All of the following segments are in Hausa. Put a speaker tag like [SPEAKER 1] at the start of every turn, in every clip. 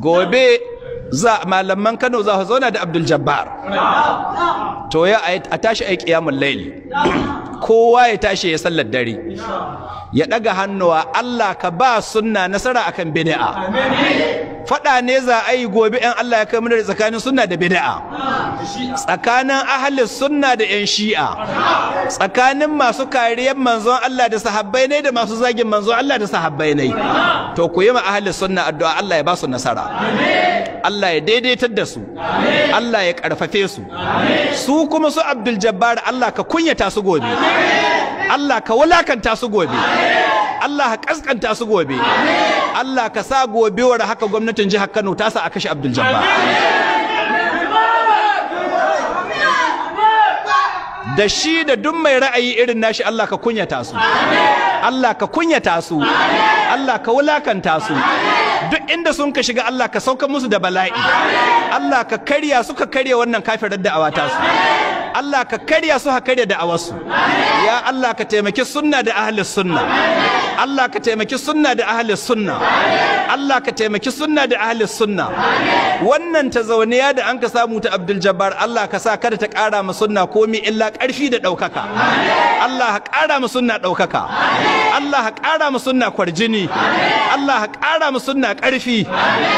[SPEAKER 1] gobe za malaman Kano za su zauna da Abdul Jabbar to ya a tashi yi qiyamul layli kowa ya tashi ya sallar dare ya ɗaga hannuwa Allah ka ba sunna nasara akan bid'a amin faɗa ne za a yi gobe yan Allah ya kai mana tsakanin sunna da bid'a tsakanin ahli sunna da yan shi'a tsakanin masu kariyar manzon Allah da sahabbai ne da masu zagin manzon Allah da sahabbai ne to ku yi ma ahli sunna addu'a Allah ya ba su nasara Allah ya daidaitar da su Allah ya ƙarfafe su su kuma su Abdul Jabbar Allah ka kunyata su gobe Allah ka wulakanta su gobe Allah ka kaskanta su gobe Allah ka sa gobewar haka gwamnatin jihar Kano ta sa a kashe Abdul Jabbar da shi da duk mai ra'ayi irin nashi Allah ka kunyata su Allah ka kunyata su Allah ka wulakanta su duk inda sun ka shiga Allah ka sauka musu da bala'i Allah ka karya su ka karya wannan kafirar da'awa ta su Allah ka karya su ka karya da'awarsu ya Allah ka taimaki sunna da ahli sunna Allah ka taimaki sunna da ahli sunna Allah ka taimaki sunna da ahli sunna wannan ta zauniya da an ka samu ta Abdul Jabbar Allah ka sa kada ta ƙara mu sunna komai illa ƙarfi da ɗaukaka Allah ka ƙara mu sunna ɗaukaka Allah ka ƙara mu sunna kwarjini Allah ka ƙara mu sunna ƙarfi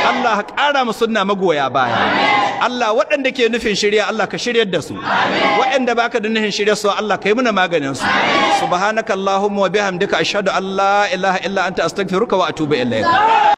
[SPEAKER 1] Allah ka ƙara mu sunna magoya baya Allah waɗanda ke nufin shirya Allah ka shiryar da su waɗanda baka da nufin shirya su Allah ka yi muna maganin su subhanakallahumma wa bihamdika ashhadu an la ilaha illa anta astaghfiruka wa atubu ilaik